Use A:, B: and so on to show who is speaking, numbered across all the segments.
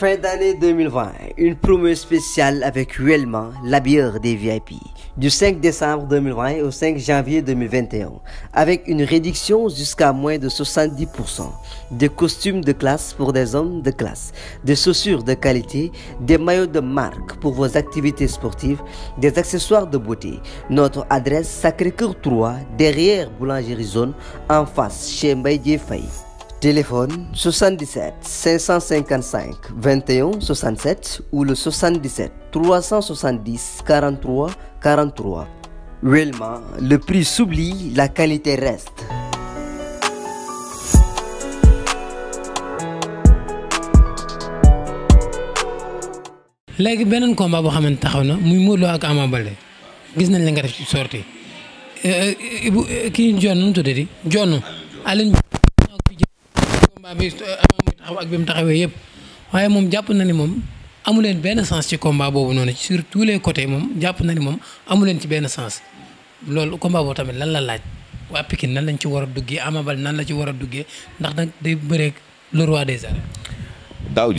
A: Fin d'année 2020, une promo spéciale avec Huelman, la bière des VIP, du 5 décembre 2020 au 5 janvier 2021, avec une réduction jusqu'à moins de 70%, des costumes de classe pour des hommes de classe, des chaussures de qualité, des maillots de marque pour vos activités sportives, des accessoires de beauté. Notre adresse Sacré-Cœur 3, derrière Boulangerie Zone, en face chez Mbaye Faye. Téléphone 77 555 21 67 ou le 77 370 43 43. Réellement, le prix s'oublie, la qualité reste.
B: léegi beneen combat boo xamante taxaw na muy Modou nañ la nga def ci sortie euh, euh, euh, kii John nu mu tuddati John Alioune. combat bi euh, taxaw ak bi mu yëpp waaye moom jàpp na ni moom amu benn sens ci boobu noonu sur tous les côtés moom jàpp na moom amu leen ci benn sens loolu combat tamit lan la laaj waa nan lañ ci war a duggee Ama Baldé nan la ci war a duggee ndax nag day bëreeg le roi des arènes.
C: daaw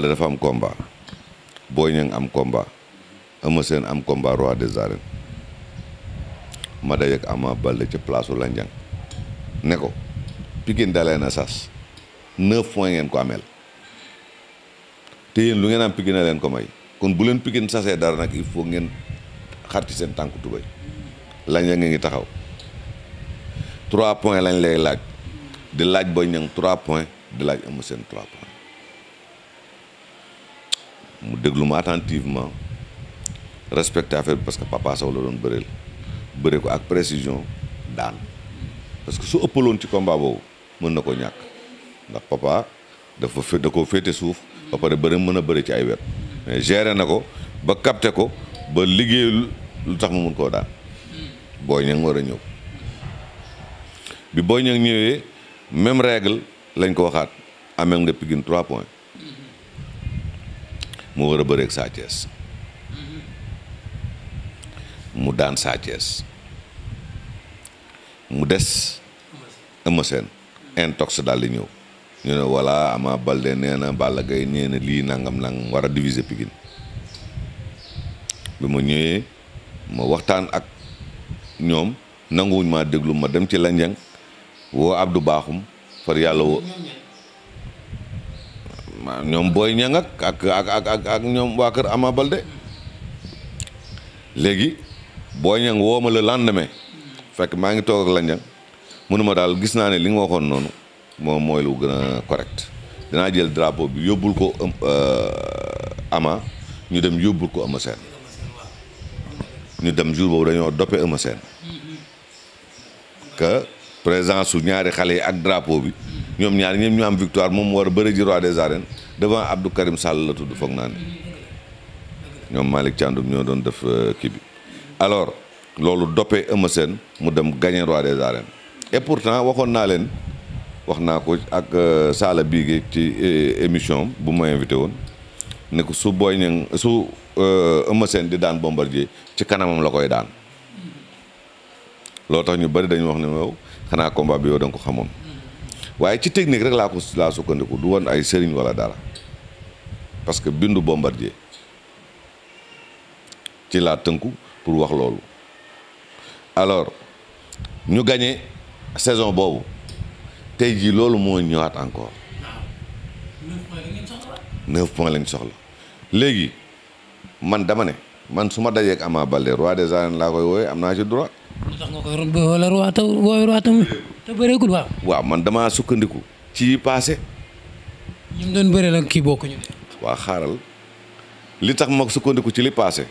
C: dafa am combat Boy Niang am combat Eumeu Sène am combat roi des arènes ma dajeeg Ama Baldé ci place u Landiang ne ko Pikine dalee na sas neuf points ngeen ko ameel te yéen lu ngeen am Pikine a leen ko may kon bu leen Pikine sasee dara nag il faut ngeen xar ci seen tànku tubay lañ la nga ngi taxaw trois points lañ lay laaj di laaj Boy Niang trois points di laaj Eumeu seen trois points mu déglu ma attentivement respecté affaire bi parce que Papa Sow la doon bëreel bëre ko ak précision daan parce que su ëppaloon ci combat boobu mën na ko ñàkk ndax papa dafa da koo féete suuf ba pare bëri mën a bëri ci ay wet mais géré na ko ba capté ko ba liggéey lu tax mu mun koo daan booy ña war a ñëw bi booy ña ñëwee même règle lañ ko waxaat amel nga Pikine trois points mu war a bëreeg Sa mu daan Sa mu des Eumeu Sène intox daal di ñëw ñu ne voilà Ama Baldé nee na Balla Gaye lii nangam nangam war a diviser Pikine bi ma ñëwee ma waxtaan ak ñoom nanguwuñ maa déglu ma dem ci lanjang woo Abdou Bakhoum far yàlla woo ñoom booy ñang ak ak ñoom waa kër Ama Baldé léegi booy ñang woo ma le lendemain fekk maa ngi toog ak lañ mënuma daal gis naa ne li nga waxoon noonu moom mooy lu gën a correct danaa jël drapeau bi yóbbul ko euh, ama ñu dem yóbbul ko Eumeu Sène ñu dem jour boobu dañoo doppe Eumeu Sène que présence su ñaari xale yi ak drapeau bi ñoom ñaari ñoom ñu am victoire moom war a bëri roi des arènes devant Abdou Karim Sall la tudd foog naa ni ñoom Malick Thiandoum ñoo doon def euh, kii bi alors loolu doppee Eumeu Sène mu dem gagné roi des arènes et pourtant waxoon naa leen wax naa ko ak euh, Sala Bigué ci euh, émission bu ma invité woon ne ko su Boy su euh, Eumeu Sène di daan Bombardier ci kanamam la koy daan loolu tax ñu bari dañu wax ne yow xanaa combat bi yow da ko xamoon waaye ci technique rek laa ko laa sukkandiku du woon ay sëriñ wala dara parce que bindu Bombardier ci laa tënku pour wax loolu alors ñu gagné saison boobu tey jii loolu moo ñëwaat encore neuf points lañ soxla léegi man dama ne man su ma dajee ak Ama Baldé roi des arènes laa koy wooye am naa ci droit.
B: lu tax
C: waaw. man damaa sukkandiku. ci passé.
B: ñi mu doon kii bokkuñu
C: de. li tax ma sukkandiku ci li passé.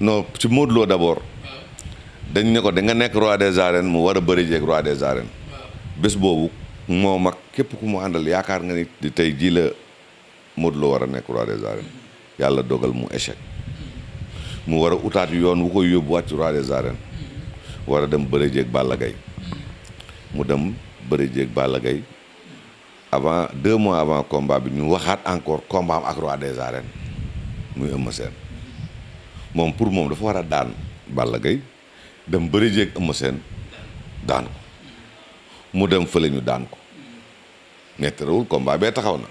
C: non ci Modou Lo d' abord dañ ne ko da nga nekk roi des arènes mu war a bëri jeeg roi des arènes bés boobu moo mag képp ku mu àndal yaakaar nga ni di tey jii la Modou Lo war a nekk roi des arènes yàlla dogal mu échec mu war a utaat yoon wu koy yóbbuwaat ci roi des arènes war dem bëri jeeg Balla mu dem bëri jeeg Balla avant deux mois avant combat bi ñu waxaat encore combat am ak roi des arènes muy Eumeu Sène moom pour moom dafa war a daan Balla Gaye dem bëri jeeg Eumeu Sène daan ko mu dem fële ñu daan ko mais terewul taxaw na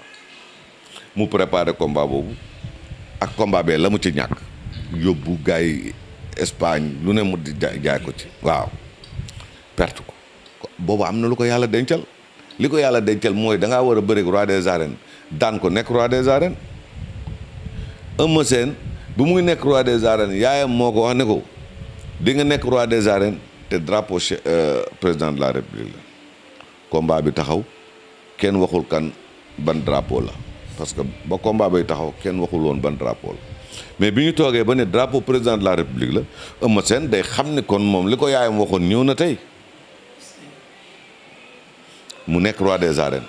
C: mu préparé combat boobu ak combat la mu ci ñàkk yóbbu gars yi lu ne mu di jaay ko ci waaw perte ko boobu am na lu ko yàlla dencal li ko yàlla dencal mooy da ngaa war a bëri des arènes daan ko nekk roi des arènes Eumeu Sène bu muy nekk roi des arènes yaayam moo ko wax ne ko di nga nekk roi des arènes te drapeau euh, président de la république la combat bi taxaw kenn waxul kan ban drapeau la parce que ba combat bay taxaw kenn waxul woon ban mais bi ñu toogee ba ne drapo président de la république la Eumeu Sène day xam ne kon moom li ko yaayam waxoon ñëw na tey mu nekk roi des arènes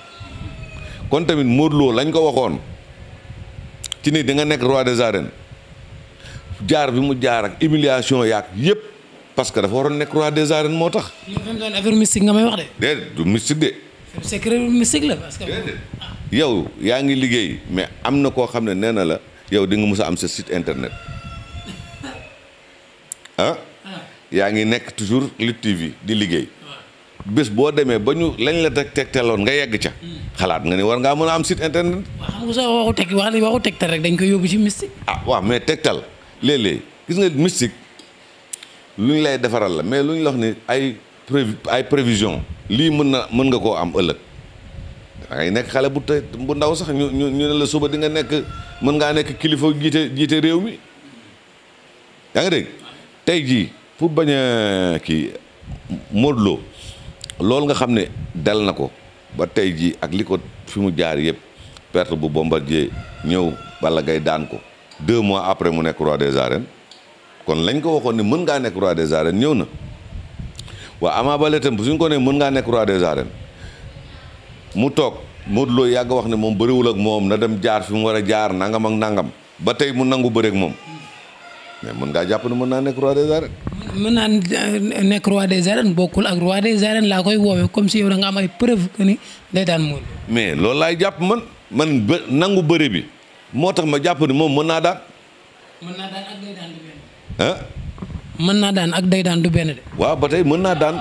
C: kon tamit Modou Lo lañ ko waxoon ci ni di nga nekk roi de arènes jaar bi mu jaar ak umiliation yaak yëpp parce que dafa waroon nekk roi des arènes moo tax.
B: yow fi nga may wax de.
C: déedéet du mystique de. secret la parce que. yow yaa ngi liggéey mais am na koo xam ne nee na la yow di nga mus a am sa site internet ah? ah. yaa ngi nekk toujours Lutte TV di liggéey. bés boo demee ba ñu lañ la teg tegtaloon nga yegg ca. Hmm. xalaat nga ni war ngaa mën a am site internet.
B: waaw xam nga sax waxu teg waxu tegtal rek dañ koy yóbbu ci mystique.
C: ah waaw mais tegtal. léeg-léeg gis nga mystique lu ñu lay defaral la mais lu ñu la ni ay ay prévision lii mën na mën nga koo am ëllëg da ngay nekk xale bu te bu ndaw sax ñu ñu ñu ne la suba di nga nekk mën ngaa nekk kilifa jiite jiite réew mi yaa ngi dégg tey jii pour bañ a kii Modou loolu nga xam ne dal na ko ba tey jii ak li ko fi mu jaar yëpp perte bu Bombardier ñëw bala Gaye daan ko deux mois après mu nekk roi des arènes kon lañ ko waxoon ne mën ngaa nekk roi des arènes ñëw na waaw amaa Baldé tam suñ ko ne mën ngaa nekk roi des arènes mu toog Modou Lo yàgg wax ne moom bëriwul ak moom na dem jaar fi mu war a jaar nangam ak nangam ba tey mu nangu bëreeg moom mais mën ngaa jàpp ne mën naa nekk roi des arènes.
B: mën naa nekk roi des arènes bokkul ak roi des arènes laa koy woowee comme si yow da nga am ay preuve que ni day daan Modou.
C: mais loolu laay jàpp man man nangu bëri bi. moo tax ma jàpp ni moom mën naa daan. mën naa daan ak day daan du benn. ah.
B: mën naa daan ak day daan du benn de. waaw ba tey mën naa daan.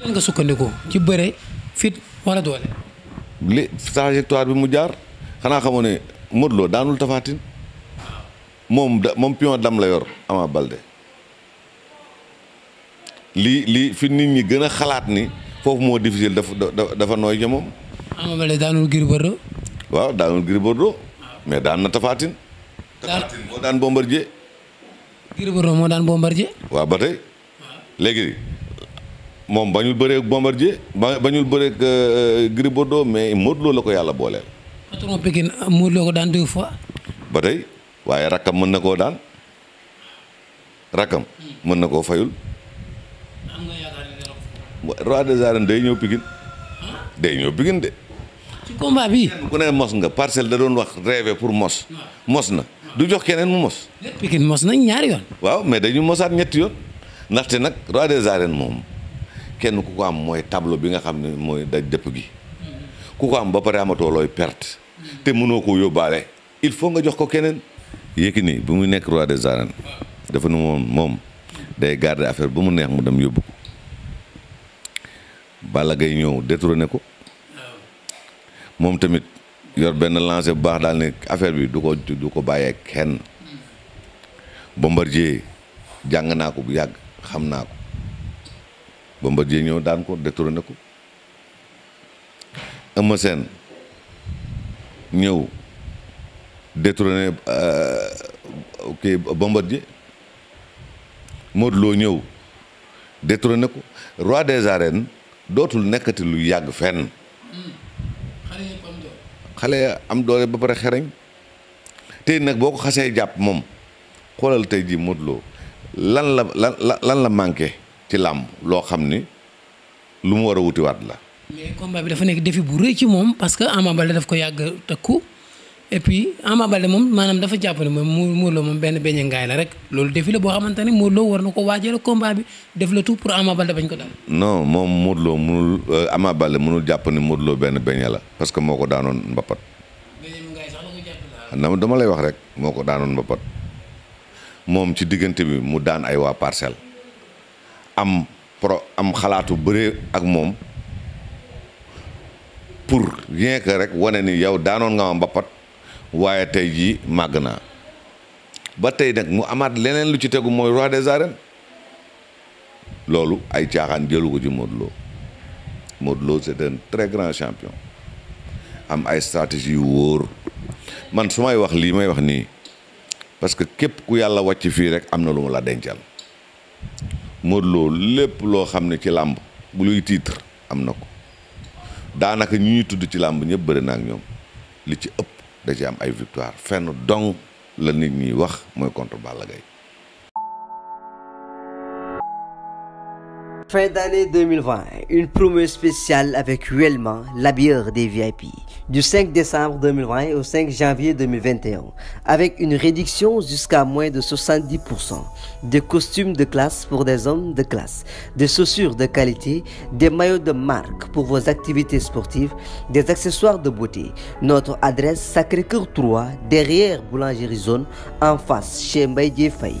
B: lan nga sukkandikoo ci bëre fit wala doole.
C: li trajectoire bi mu jaar xanaa xamoo ne daanul tafaatin moom da la yor Ama Balde lii lii fi nit ñi gën a xalaat ni foofu moo difficile dafa dafa nooy ca moom. Ama waaw daanul Gris Bordeaux. mais daan na tafaatin. moo daan bombardier.
B: Gris Bordeaux moo daan bombardier.
C: ba tey léegi moom bañul bëree ak bombardier ba bañul bëree ak euh, Gris Bordeaux mais Modou Lo la ko yàlla booleel.
B: patron Pikine ko daan deux fois.
C: ba tey waaye rakkam mën na koo daan rakkam. mën na koo fayul. am nga yaakaar ne roi des day ñëw Pikine. day ñëw Pikine de. combat bi ku ne mos nga parcelle da doon wax rêvé pour mos. mos na du jox keneen mu mos.
B: Pikine nañ ñaari
C: waaw mais dañu mosaat ñetti yoon ndaxte nag roi des arènes moom kenn ku ko am mooy tableau bi nga xam ne mooy daj dëpp gi mm-hmm. ku ko am ba pare amatoo looy perte mm-hmm. te mënoo ko yóbbaale il faut nga jox ko keneen. Yékini bu muy nekk roi des arènes dafa nu moom day garder affaire ba mu neex mu dem yóbbu ko Balla Gaye ñëw détrôné ko. moom tamit yor benn lancé bu baax daal ne affaire bi du ko du ko bàyyee kenn Bombardier jàng naa ko bu yàgg xam naa ko Bombardier ñëw daan ko détrôné ko Eumeu Sène ñëw détrôné euh, kii Bombardier Modou loo ñëw détrôné ko roi des arènes dootul nekkati lu yàgg fenn hmm. xale am doole ba pare xereñ tey nag boo ko xasee jàpp moom xoolal tey ji Modou Lo lan la lan la lan la manqué ci làmb loo xam ni lu mu war a wutiwaat la.
B: mais combat bi dafa nekk défi bu rëy ci moom parce que Ama Baldé daf ko yàgg takku et puis Ama Baldé dafa jàpp ne moom Modou Lo moom benn loolu défi la boo xamante ne Modou Lo war na ko waajal combat bi def la tout pour Ama Baldé bañ ko dal.
C: non moom Modou Lo munul euh, Ama Baldé ne Modou benn beñe la parce que moo ko daanoon mbapat. beneen dama lay wax rek moo ko daanoon mbapat ci diggante bi mu daan ay waa parcelle am pro am xalaatu bëree ak moom pour rien rek wane ni yow daanoon nga ma mbapat. waaye tey jii màgg naa ba tey nag mu amaat leneen lu ci tegu mooy roi de arènes loolu ay caaxaan jëlu ko ci Modou Lo Modou Lo c'est un très grand champion am ay stratégie yu wóor man su may wax lii may wax nii parce que képp ku yàlla wacc fii rek am na lu mu la dencal Modou lépp loo xam ne ci làmb bu luy titre am na ko daanaka ñi ñuy tudd ci làmb ñëpp bari na ak ñoom li ci ëpp da ci am ay victoire fenn dong la nit ñi wax
A: mooy contre Balla Gaye Fin d'année 2020, une promo spéciale avec Huelma, la bière des VIP, du 5 décembre 2020 au 5 janvier 2021, avec une réduction jusqu'à moins de 70%, des costumes de classe pour des hommes de classe, des chaussures de qualité, des maillots de marque pour vos activités sportives, des accessoires de beauté. Notre adresse Sacré-Cœur 3, derrière Boulangerie Zone, en face chez Mbaye Faye.